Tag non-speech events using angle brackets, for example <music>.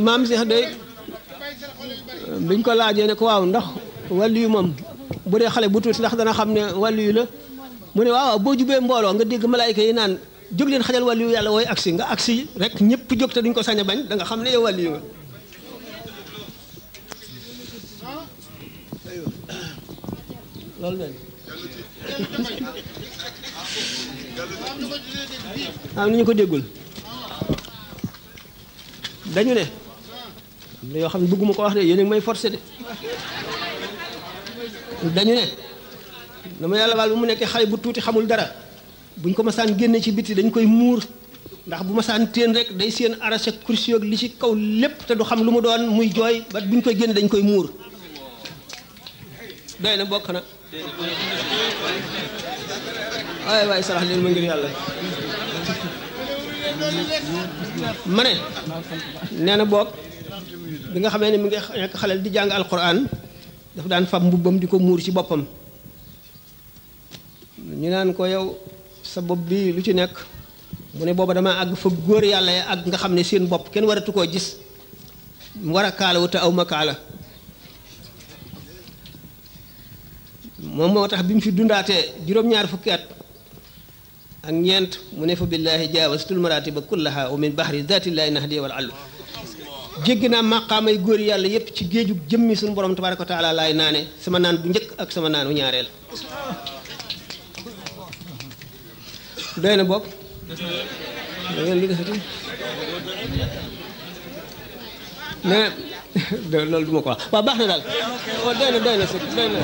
maam Cheikh day biñ ko laajee ne ko waaw ndax wàllu yu moom bu dee xale bu tuuti ndax dana xam ne wàllu yu la mu ne waaw boo jubee mbooloo nga dégg malaayka yi naan jóg leen xajal wàllu yu yàlla wooy agsi nga agsi rek ñëpp jóg te duñ ko sañ a bañ da xam ne yow wàllu yu nga am <laughs> na ñu ko déggul dañu ne am yoo xam ne bëgguma ko wax de yéen a ngi may forcé de dañu ne dama yàlla baal bu mu nekkee xale bu tuuti xamul dara buñ ko masaan génne ci biti dañ koy muur ndax bu masaan téen rek day seen arraché kursiyoog li ci kaw lépp te du xam lu mu doon muy jooy ba buñ koy génne dañ koy muur day na bokk na waaye waaye sarax leen ma ngir yàlla ma ne nee na boog bi nga xamee ne mi ngi nekk xale di jàng alquran daf daan fab mbubbam di ko muur ci boppam ñu naan ko yow sa bopp bi lu ci nekk mu ne booba dama àgg fa góor yàlla ya ak nga xam ne seen bopp kenn waratu koo gis war a kaalawu te aw ma kaala moom moo tax bi mu fi dundaatee juróom-ñaar fukki at ak ñeent mu ne fa billaahi jaawastul maratiba kullaha wa min bahri zatillahi nahdi wal allu jeegina maqamay goor yalla yep ci geejju jëmmi sun borom tabaaraku taala lay naane sama naan bu njëkk ak sama naanu ñaareel doy na ngeen li desati ne do lol duma ko wax waaw baax na daal oh, doy na doy